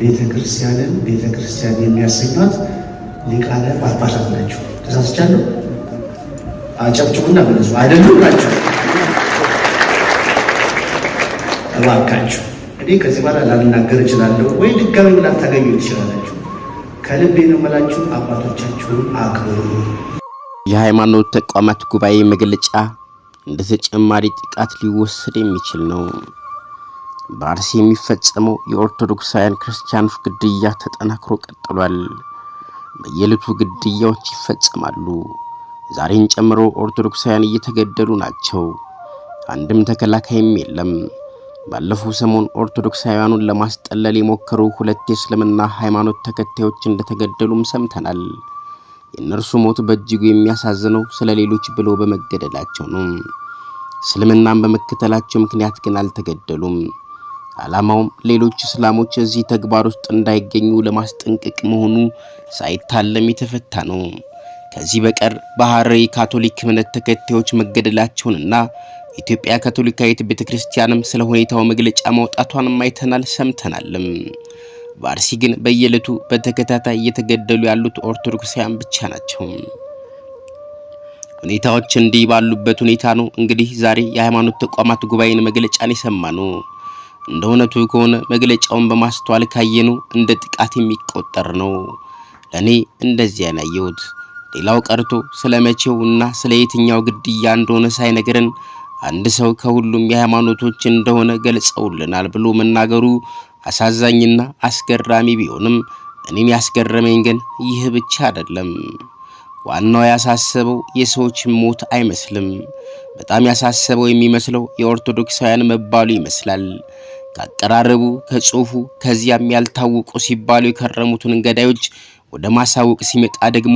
ቤተ ክርስቲያንን ቤተ ክርስቲያን የሚያሰኟት ሊቃነ ጳጳሳት ናቸው። ተሳስቻለሁ? አጨብጭቡና መለሱ። አይደሉም ናቸው። እባካችሁ እኔ ከዚህ በኋላ ላልናገር እችላለሁ ወይ ድጋሚ ላታገኙ ትችላላችሁ። ከልቤ ነው የምላችሁ። አባቶቻችሁን አክብሩ። የሃይማኖት ተቋማት ጉባኤ መግለጫ እንደ ተጨማሪ ጥቃት ሊወሰድ የሚችል ነው። በአርሲ የሚፈጸመው የኦርቶዶክሳውያን ክርስቲያኖች ግድያ ተጠናክሮ ቀጥሏል። በየዕለቱ ግድያዎች ይፈጸማሉ። ዛሬን ጨምሮ ኦርቶዶክሳውያን እየተገደሉ ናቸው። አንድም ተከላካይም የለም። ባለፈው ሰሞን ኦርቶዶክሳውያኑን ለማስጠለል የሞከሩ ሁለት የእስልምና ሃይማኖት ተከታዮች እንደተገደሉም ሰምተናል። የእነርሱ ሞት በእጅጉ የሚያሳዝነው ስለ ሌሎች ብለው በመገደላቸው ነው። እስልምናን በመከተላቸው ምክንያት ግን አልተገደሉም። ዓላማውም ሌሎች እስላሞች እዚህ ተግባር ውስጥ እንዳይገኙ ለማስጠንቀቅ መሆኑ ሳይታለም የተፈታ ነው። ከዚህ በቀር በሐረሪ ካቶሊክ እምነት ተከታዮች መገደላቸውንና ኢትዮጵያ ካቶሊካዊት ቤተ ክርስቲያንም ስለ ሁኔታው መግለጫ ማውጣቷን አይተናል፣ ሰምተናልም። በአርሲ ግን በየዕለቱ በተከታታይ እየተገደሉ ያሉት ኦርቶዶክሳውያን ብቻ ናቸው። ሁኔታዎች እንዲህ ባሉበት ሁኔታ ነው እንግዲህ ዛሬ የሃይማኖት ተቋማት ጉባኤን መግለጫን የሰማ ነው። እንደ እውነቱ ከሆነ መግለጫውን በማስተዋል ካየኑ እንደ ጥቃት የሚቆጠር ነው። ለእኔ እንደዚያ ያየሁት። ሌላው ቀርቶ ስለ መቼው እና ስለ የትኛው ግድያ እንደሆነ ሳይነግረን አንድ ሰው ከሁሉም የሃይማኖቶች እንደሆነ ገልጸውልናል ብሎ መናገሩ አሳዛኝና አስገራሚ ቢሆንም እኔም ያስገረመኝ ግን ይህ ብቻ አይደለም። ዋናው ያሳሰበው የሰዎች ሞት አይመስልም። በጣም ያሳሰበው የሚመስለው የኦርቶዶክሳውያን መባሉ ይመስላል። ከአቀራረቡ፣ ከጽሁፉ ከዚያም ያልታወቁ ሲባሉ የከረሙትን ገዳዮች ወደ ማሳወቅ ሲመጣ ደግሞ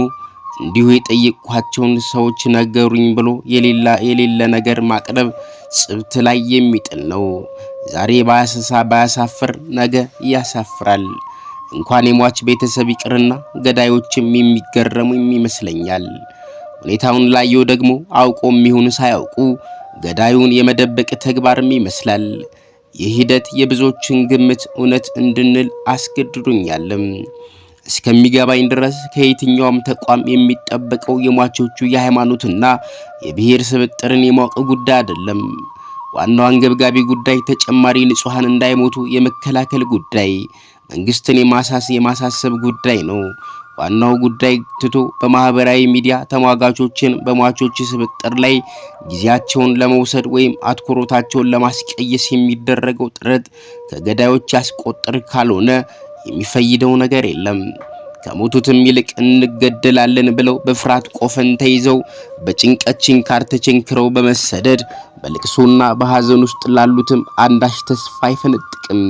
እንዲሁ የጠየቅኳቸውን ሰዎች ነገሩኝ ብሎ የሌላ የሌለ ነገር ማቅረብ ጽብት ላይ የሚጥል ነው። ዛሬ ባያሰሳ ባያሳፍር ነገ ያሳፍራል። እንኳን የሟች ቤተሰብ ይቅርና ገዳዮችም የሚገረሙ ይመስለኛል። ሁኔታውን ላየው ደግሞ አውቆ የሚሆን ሳያውቁ ገዳዩን የመደበቅ ተግባርም ይመስላል። ይህ ሂደት የብዙዎችን ግምት እውነት እንድንል አስገድዶኛልም። እስከሚገባኝ ድረስ ከየትኛውም ተቋም የሚጠበቀው የሟቾቹ የሃይማኖትና የብሔር ስብጥርን የማወቅ ጉዳይ አይደለም። ዋናው አንገብጋቢ ጉዳይ ተጨማሪ ንጹሐን እንዳይሞቱ የመከላከል ጉዳይ፣ መንግስትን የማሳስ የማሳሰብ ጉዳይ ነው። ዋናው ጉዳይ ትቶ በማህበራዊ ሚዲያ ተሟጋቾችን በሟቾች ስብጥር ላይ ጊዜያቸውን ለመውሰድ ወይም አትኩሮታቸውን ለማስቀየስ የሚደረገው ጥረት ከገዳዮች ያስቆጥር ካልሆነ የሚፈይደው ነገር የለም። ከሞቱትም ይልቅ እንገደላለን ብለው በፍርሃት ቆፈን ተይዘው በጭንቀት ችንካር ተቸንክረው በመሰደድ በልቅሶና በሐዘን ውስጥ ላሉትም አንዳች ተስፋ አይፈነጥቅም።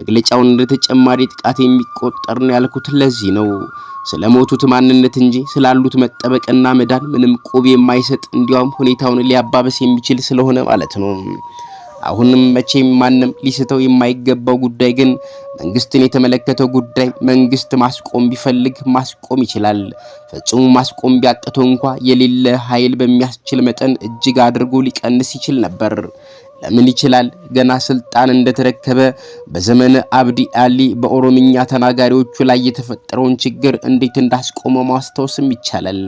መግለጫውን እንደ ተጨማሪ ጥቃት የሚቆጠር ነው ያልኩት ለዚህ ነው። ስለሞቱት ማንነት እንጂ ስላሉት መጠበቅና መዳን ምንም ቆብ የማይሰጥ እንዲያውም ሁኔታውን ሊያባበስ የሚችል ስለሆነ ማለት ነው። አሁንም መቼም ማንም ሊስተው የማይገባው ጉዳይ ግን መንግስትን የተመለከተው ጉዳይ መንግስት ማስቆም ቢፈልግ ማስቆም ይችላል። ፈጽሞ ማስቆም ቢያቅተው እንኳ የሌለ ኃይል በሚያስችል መጠን እጅግ አድርጎ ሊቀንስ ይችል ነበር። ለምን ይችላል ገና ስልጣን እንደተረከበ በዘመነ አብዲ አሊ በኦሮምኛ ተናጋሪዎቹ ላይ የተፈጠረውን ችግር እንዴት እንዳስቆመ ማስታወስም ይቻላል።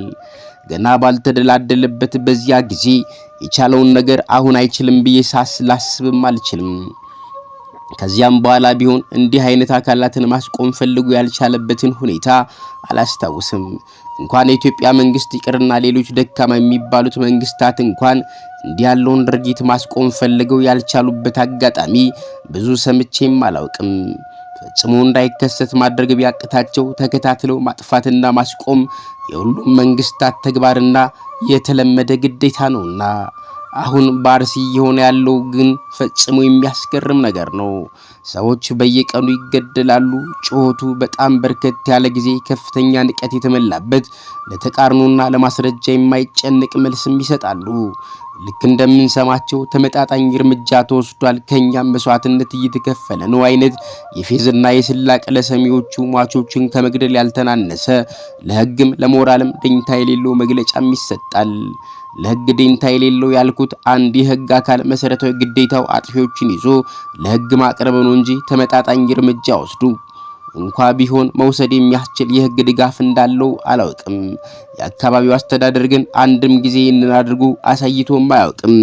ገና ባልተደላደለበት በዚያ ጊዜ የቻለውን ነገር አሁን አይችልም ብዬ ሳስ ላስብም አልችልም። ከዚያም በኋላ ቢሆን እንዲህ አይነት አካላትን ማስቆም ፈልጎ ያልቻለበትን ሁኔታ አላስታውስም። እንኳን የኢትዮጵያ መንግስት ይቅርና ሌሎች ደካማ የሚባሉት መንግስታት እንኳን እንዲህ ያለውን ድርጊት ማስቆም ፈልገው ያልቻሉበት አጋጣሚ ብዙ ሰምቼም አላውቅም። ፈጽሞ እንዳይከሰት ማድረግ ቢያቅታቸው ተከታትለው ማጥፋትና ማስቆም የሁሉም መንግስታት ተግባርና የተለመደ ግዴታ ነውና አሁን በአርሲ እየሆነ ያለው ግን ፈጽሞ የሚያስገርም ነገር ነው። ሰዎች በየቀኑ ይገደላሉ። ጩኸቱ በጣም በርከት ያለ ጊዜ ከፍተኛ ንቀት የተመላበት ለተቃርኖና ለማስረጃ የማይጨንቅ መልስም ይሰጣሉ። ልክ እንደምንሰማቸው ተመጣጣኝ እርምጃ ተወስዷል፣ ከእኛም መስዋዕትነት እየተከፈለ ነው አይነት የፌዝና የስላቅ ለሰሚዎቹ ሟቾችን ከመግደል ያልተናነሰ ለህግም ለሞራልም ደኝታ የሌለው መግለጫም ይሰጣል። ለህግ ደኝታ የሌለው ያልኩት አንድ የህግ አካል መሰረታዊ ግዴታው አጥፊዎችን ይዞ ለህግ ማቅረብ ነው እንጂ ተመጣጣኝ እርምጃ ወስዱ እንኳ ቢሆን መውሰድ የሚያስችል የህግ ድጋፍ እንዳለው አላውቅም። የአካባቢው አስተዳደር ግን አንድም ጊዜ ይህንን አድርጎ አሳይቶም አያውቅም።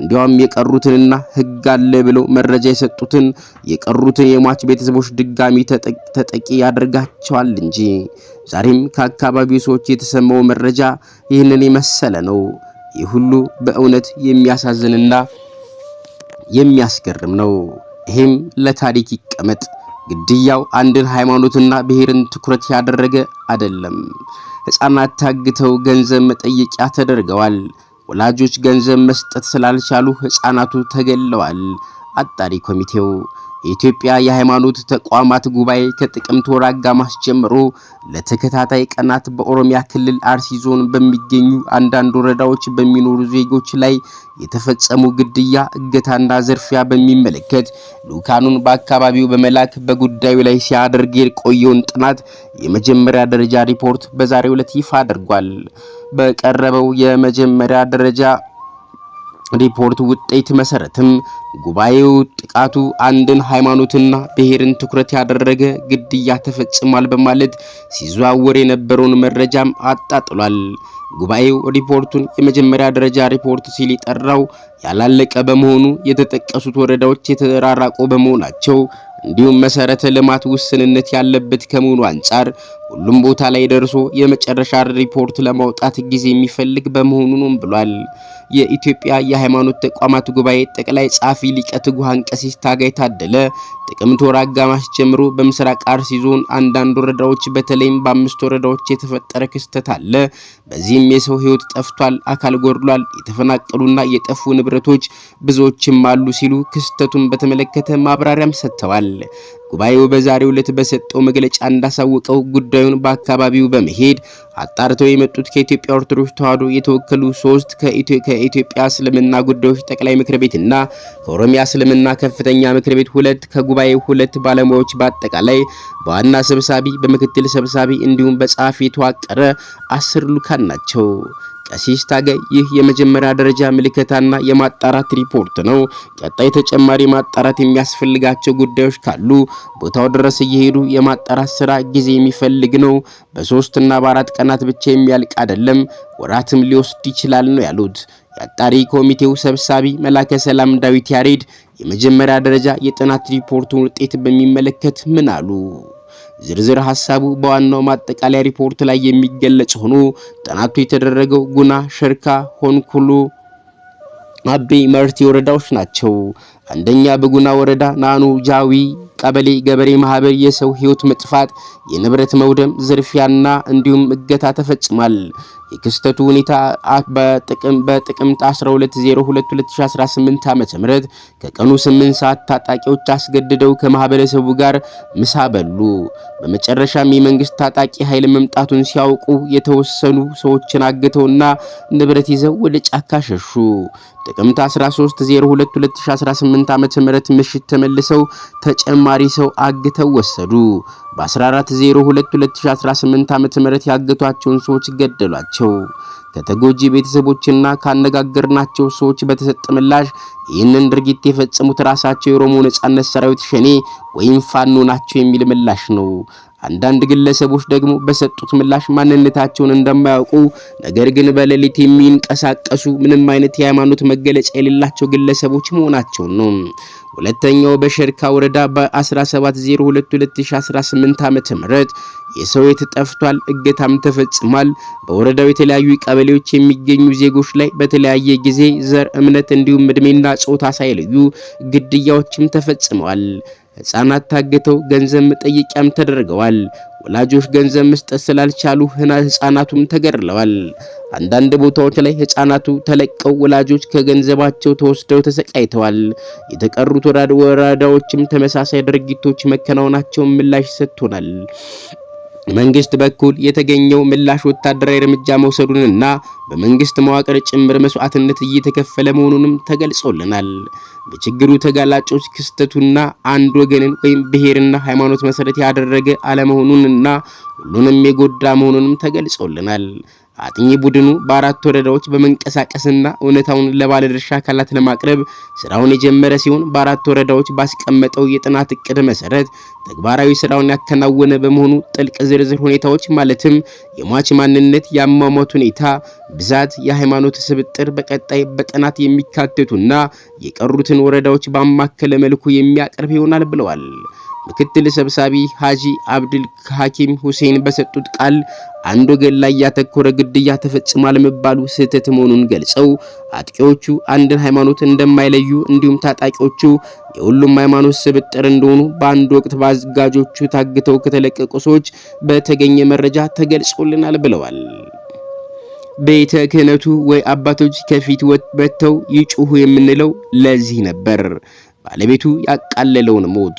እንዲያውም የቀሩትንና ህግ አለ ብለው መረጃ የሰጡትን የቀሩትን የሟች ቤተሰቦች ድጋሚ ተጠቂ ያደርጋቸዋል እንጂ። ዛሬም ከአካባቢው ሰዎች የተሰማው መረጃ ይህንን የመሰለ ነው። ይህ ሁሉ በእውነት የሚያሳዝንና የሚያስገርም ነው። ይህም ለታሪክ ይቀመጥ። ግድያው አንድን ሃይማኖትና ብሔርን ትኩረት ያደረገ አይደለም። ሕፃናት ታግተው ገንዘብ መጠየቂያ ተደርገዋል። ወላጆች ገንዘብ መስጠት ስላልቻሉ ሕፃናቱ ተገለዋል። አጣሪ ኮሚቴው የኢትዮጵያ የሃይማኖት ተቋማት ጉባኤ ከጥቅምት ወር አጋማሽ ጀምሮ ለተከታታይ ቀናት በኦሮሚያ ክልል አርሲ ዞን በሚገኙ አንዳንድ ወረዳዎች በሚኖሩ ዜጎች ላይ የተፈጸሙ ግድያ፣ እገታና ዘርፊያ በሚመለከት ልኡካኑን በአካባቢው በመላክ በጉዳዩ ላይ ሲያደርግ የቆየውን ጥናት የመጀመሪያ ደረጃ ሪፖርት በዛሬው ዕለት ይፋ አድርጓል። በቀረበው የመጀመሪያ ደረጃ ሪፖርት ውጤት መሰረትም ጉባኤው ጥቃቱ አንድን ሃይማኖትና ብሔርን ትኩረት ያደረገ ግድያ ተፈጽሟል በማለት ሲዘዋወር የነበረውን መረጃም አጣጥሏል። ጉባኤው ሪፖርቱን የመጀመሪያ ደረጃ ሪፖርት ሲል ይጠራው ያላለቀ በመሆኑ የተጠቀሱት ወረዳዎች የተራራቁ በመሆናቸው እንዲሁም መሰረተ ልማት ውስንነት ያለበት ከመሆኑ አንጻር ሁሉም ቦታ ላይ ደርሶ የመጨረሻ ሪፖርት ለማውጣት ጊዜ የሚፈልግ በመሆኑ ነው ብሏል። የኢትዮጵያ የሃይማኖት ተቋማት ጉባኤ ጠቅላይ ጻፊ ሊቀ ትጉሃን ቀሲስ ታጋይ ታደለ ጥቅምት ወር አጋማሽ ጀምሮ በምስራቅ አርሲ ዞን አንዳንድ ወረዳዎች በተለይም በአምስት ወረዳዎች የተፈጠረ ክስተት አለ። በዚህም የሰው ህይወት ጠፍቷል፣ አካል ጎድሏል፣ የተፈናቀሉና የጠፉ ንብረቶች ብዙዎችም አሉ ሲሉ ክስተቱን በተመለከተ ማብራሪያም ሰጥተዋል። ጉባኤው በዛሬው ዕለት በሰጠው መግለጫ እንዳሳወቀው ጉዳዩን በአካባቢው በመሄድ አጣርተው የመጡት ከኢትዮጵያ ኦርቶዶክስ ተዋሕዶ የተወከሉ ሶስት ከኢትዮጵያ እስልምና ጉዳዮች ጠቅላይ ምክር እና ከኦሮሚያ እስልምና ከፍተኛ ምክር ቤት ሁለት፣ ከጉባኤው ሁለት ባለሙያዎች በአጠቃላይ በዋና ሰብሳቢ፣ በምክትል ሰብሳቢ እንዲሁም በጸሐፊ የተዋቀረ አስር ልኡካን ናቸው። ቀሲስ ታጋይ ይህ የመጀመሪያ ደረጃ ምልከታና የማጣራት ሪፖርት ነው። ቀጣይ ተጨማሪ ማጣራት የሚያስፈልጋቸው ጉዳዮች ካሉ ቦታው ድረስ እየሄዱ የማጣራት ስራ ጊዜ የሚፈልግ ነው። በሶስትና በአራት ቀናት ብቻ የሚያልቅ አይደለም፣ ወራትም ሊወስድ ይችላል ነው ያሉት። የአጣሪ ኮሚቴው ሰብሳቢ መላከ ሰላም ዳዊት ያሬድ የመጀመሪያ ደረጃ የጥናት ሪፖርቱን ውጤት በሚመለከት ምን አሉ? ዝርዝር ሀሳቡ በዋናው ማጠቃለያ ሪፖርት ላይ የሚገለጽ ሆኖ ጥናቱ የተደረገው ጉና፣ ሸርካ፣ ሆንኩሉ አቤ መርቲ ወረዳዎች ናቸው። አንደኛ በጉና ወረዳ ናኑ ጃዊ ቀበሌ ገበሬ ማህበር የሰው ህይወት መጥፋት፣ የንብረት መውደም፣ ዝርፊያና እንዲሁም እገታ ተፈጽሟል። የክስተቱ ሁኔታ በጥቅም በጥቅምት 12/02/2018 ዓ.ም ከቀኑ 8 ሰዓት ታጣቂዎች አስገድደው ከማህበረሰቡ ጋር ምሳ በሉ። በመጨረሻም የመንግስት ታጣቂ ኃይል መምጣቱን ሲያውቁ የተወሰኑ ሰዎችን አግተውና ንብረት ይዘው ወደ ጫካ ሸሹ። ጥቅምት 13 ዓመተ ምረት ምሽት ተመልሰው ተጨማሪ ሰው አግተው ወሰዱ። በ14022018 ምህረት ያገቷቸውን ሰዎች ገደሏቸው። ከተጎጂ ቤተሰቦችና ካነጋገርናቸው ሰዎች በተሰጠ ምላሽ ይህንን ድርጊት የፈጸሙት ራሳቸው የኦሮሞ ነጻነት ሰራዊት ሸኔ ወይም ፋኖ ናቸው የሚል ምላሽ ነው። አንዳንድ ግለሰቦች ደግሞ በሰጡት ምላሽ ማንነታቸውን እንደማያውቁ ነገር ግን በሌሊት የሚንቀሳቀሱ ምንም አይነት የሃይማኖት መገለጫ የሌላቸው ግለሰቦች መሆናቸውን ነው። ሁለተኛው በሸርካ ወረዳ በ17022018 ዓመተ ምህረት የሰው ሕይወት ጠፍቷል፣ እገታም ተፈጽሟል። በወረዳው የተለያዩ ቀበሌዎች የሚገኙ ዜጎች ላይ በተለያየ ጊዜ ዘር፣ እምነት እንዲሁም እድሜና ጾታ ሳይለዩ ግድያዎችም ተፈጽመዋል። ህፃናት ታግተው ገንዘብ መጠየቂያም ተደርገዋል። ወላጆች ገንዘብ መስጠት ስላልቻሉ ህፃናቱም ተገድለዋል። አንዳንድ ቦታዎች ላይ ህፃናቱ ተለቀው ወላጆች ከገንዘባቸው ተወስደው ተሰቃይተዋል። የተቀሩት ወረዳዎችም ተመሳሳይ ድርጊቶች መከናወናቸውን ምላሽ ሰጥቶናል። መንግስት በኩል የተገኘው ምላሽ ወታደራዊ እርምጃ መውሰዱንና በመንግስት መዋቅር ጭምር መስዋዕትነት እየተከፈለ መሆኑንም ተገልጾልናል። በችግሩ ተጋላጮች ክስተቱና አንድ ወገንን ወይም ብሔርና ሃይማኖት መሰረት ያደረገ አለመሆኑንና ሁሉንም የጎዳ መሆኑንም ተገልጾልናል። አጥኚ ቡድኑ በአራት ወረዳዎች በመንቀሳቀስና እውነታውን ለባለድርሻ አካላት ለማቅረብ ስራውን የጀመረ ሲሆን በአራት ወረዳዎች ባስቀመጠው የጥናት እቅድ መሰረት ተግባራዊ ስራውን ያከናወነ በመሆኑ ጥልቅ ዝርዝር ሁኔታዎች ማለትም የሟች ማንነት፣ የአሟሟት ሁኔታ፣ ብዛት፣ የሃይማኖት ስብጥር በቀጣይ በጥናት የሚካተቱና የቀሩትን ወረዳዎች ባማከለ መልኩ የሚያቀርብ ይሆናል ብለዋል። ምክትል ሰብሳቢ ሀጂ አብድል ሐኪም ሁሴን በሰጡት ቃል አንድ ወገን ላይ ያተኮረ ግድያ ተፈጽሟል መባሉ ስህተት መሆኑን ገልጸው አጥቂዎቹ አንድን ሃይማኖት እንደማይለዩ እንዲሁም ታጣቂዎቹ የሁሉም ሃይማኖት ስብጥር እንደሆኑ በአንድ ወቅት በአዘጋጆቹ ታግተው ከተለቀቁ ሰዎች በተገኘ መረጃ ተገልጾልናል ብለዋል። ቤተ ክህነቱ ወይ አባቶች ከፊት ወጥተው ይጩሁ የምንለው ለዚህ ነበር። ባለቤቱ ያቃለለውን ሞት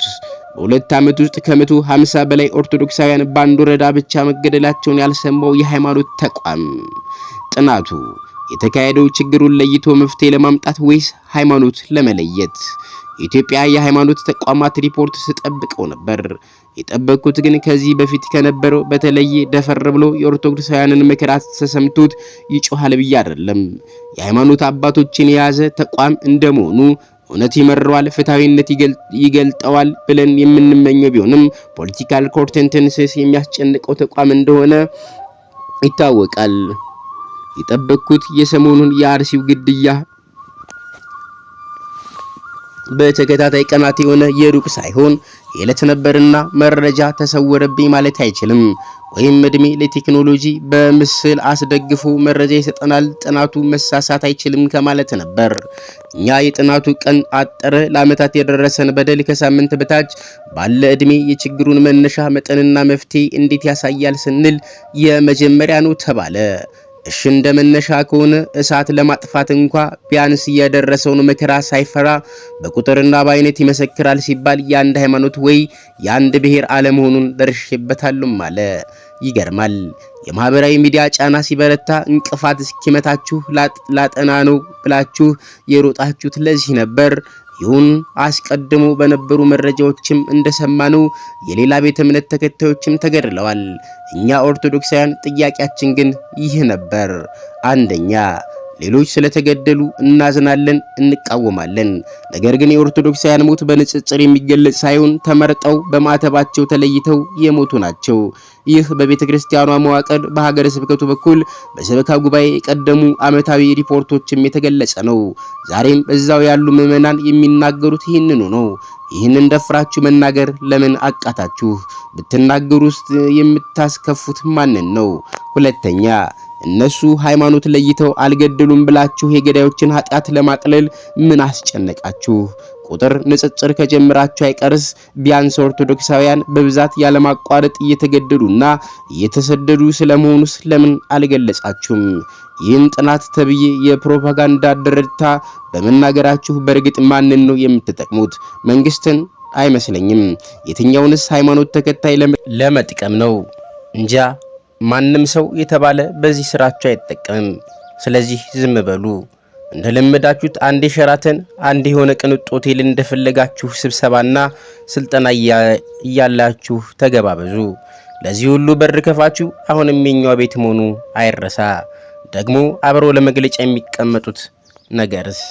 በሁለት ዓመት ውስጥ ከመቶ ሃምሳ በላይ ኦርቶዶክሳውያን በአንድ ወረዳ ብቻ መገደላቸውን ያልሰማው የሃይማኖት ተቋም ጥናቱ የተካሄደው ችግሩን ለይቶ መፍትሄ ለማምጣት ወይስ ሃይማኖት ለመለየት? የኢትዮጵያ የሃይማኖት ተቋማት ሪፖርት ስጠብቀው ነበር። የጠበቅኩት ግን ከዚህ በፊት ከነበረው በተለየ ደፈር ብሎ የኦርቶዶክሳውያንን ምክራት ተሰምቶት ይጮሃል ብዬ አይደለም። የሃይማኖት አባቶችን የያዘ ተቋም እንደመሆኑ እውነት ይመረዋል፣ ፍትሐዊነት ይገልጠዋል ብለን የምንመኘው ቢሆንም ፖለቲካል ኮንቴንተንስስ የሚያስጨንቀው ተቋም እንደሆነ ይታወቃል። የጠበቅኩት የሰሞኑን የአርሲው ግድያ በተከታታይ ቀናት የሆነ የሩቅ ሳይሆን የዕለት ነበርና መረጃ ተሰወረብኝ ማለት አይችልም። ወይም እድሜ ለቴክኖሎጂ በምስል አስደግፎ መረጃ ይሰጠናል፣ ጥናቱ መሳሳት አይችልም ከማለት ነበር። እኛ የጥናቱ ቀን አጠረ፣ ለዓመታት የደረሰን በደል ከሳምንት በታች ባለ እድሜ የችግሩን መነሻ መጠንና መፍትሄ እንዴት ያሳያል ስንል የመጀመሪያ ነው ተባለ። እሺ እንደ መነሻ ከሆነ እሳት ለማጥፋት እንኳ ቢያንስ የደረሰውን መከራ ሳይፈራ በቁጥርና በአይነት ይመሰክራል ሲባል የአንድ ሃይማኖት ወይ የአንድ ብሔር አለመሆኑን ደርሽበታሉም አለ። ይገርማል። የማህበራዊ ሚዲያ ጫና ሲበረታ እንቅፋት እስኪመታችሁ ላጠና ነው ብላችሁ የሮጣችሁት ለዚህ ነበር። ይሁን አስቀድሞ በነበሩ መረጃዎችም እንደሰማነው የሌላ ቤተ እምነት ተከታዮችም ተገድለዋል። እኛ ኦርቶዶክሳውያን ጥያቄያችን ግን ይህ ነበር። አንደኛ ሌሎች ስለተገደሉ እናዝናለን፣ እንቃወማለን። ነገር ግን የኦርቶዶክሳውያን ሞት በንጽጽር የሚገለጽ ሳይሆን ተመርጠው በማዕተባቸው ተለይተው የሞቱ ናቸው። ይህ በቤተ ክርስቲያኗ መዋቅር በሀገረ ስብከቱ በኩል በሰበካ ጉባኤ የቀደሙ ዓመታዊ ሪፖርቶችም የተገለጸ ነው። ዛሬም እዛው ያሉ ምዕመናን የሚናገሩት ይህንኑ ነው። ይህንን ደፍራችሁ መናገር ለምን አቃታችሁ? ብትናገሩ ውስጥ የምታስከፉት ማንን ነው? ሁለተኛ እነሱ ሃይማኖት ለይተው አልገደሉም ብላችሁ የገዳዮችን ኃጢአት ለማቅለል ምን አስጨነቃችሁ? ቁጥር ንጽጽር ከጀምራችሁ አይቀርስ ቢያንስ ኦርቶዶክሳውያን በብዛት ያለማቋረጥ እየተገደዱና እየተሰደዱ ስለመሆኑስ ለምን አልገለጻችሁም? ይህን ጥናት ተብዬ የፕሮፓጋንዳ ደረድታ በመናገራችሁ በእርግጥ ማንን ነው የምትጠቅሙት? መንግስትን አይመስለኝም። የትኛውንስ ሃይማኖት ተከታይ ለመጥቀም ነው? እንጃ ማንም ሰው የተባለ በዚህ ስራቸው አይጠቀምም። ስለዚህ ዝም በሉ። እንደለመዳችሁት አንድ ሸራተን፣ አንድ የሆነ ቅንጡ ሆቴል እንደፈለጋችሁ ስብሰባና ስልጠና እያላችሁ ተገባበዙ። ለዚህ ሁሉ በር ከፋችሁ አሁንም የኛው ቤት መሆኑ አይረሳ። ደግሞ አብሮ ለመግለጫ የሚቀመጡት ነገርስ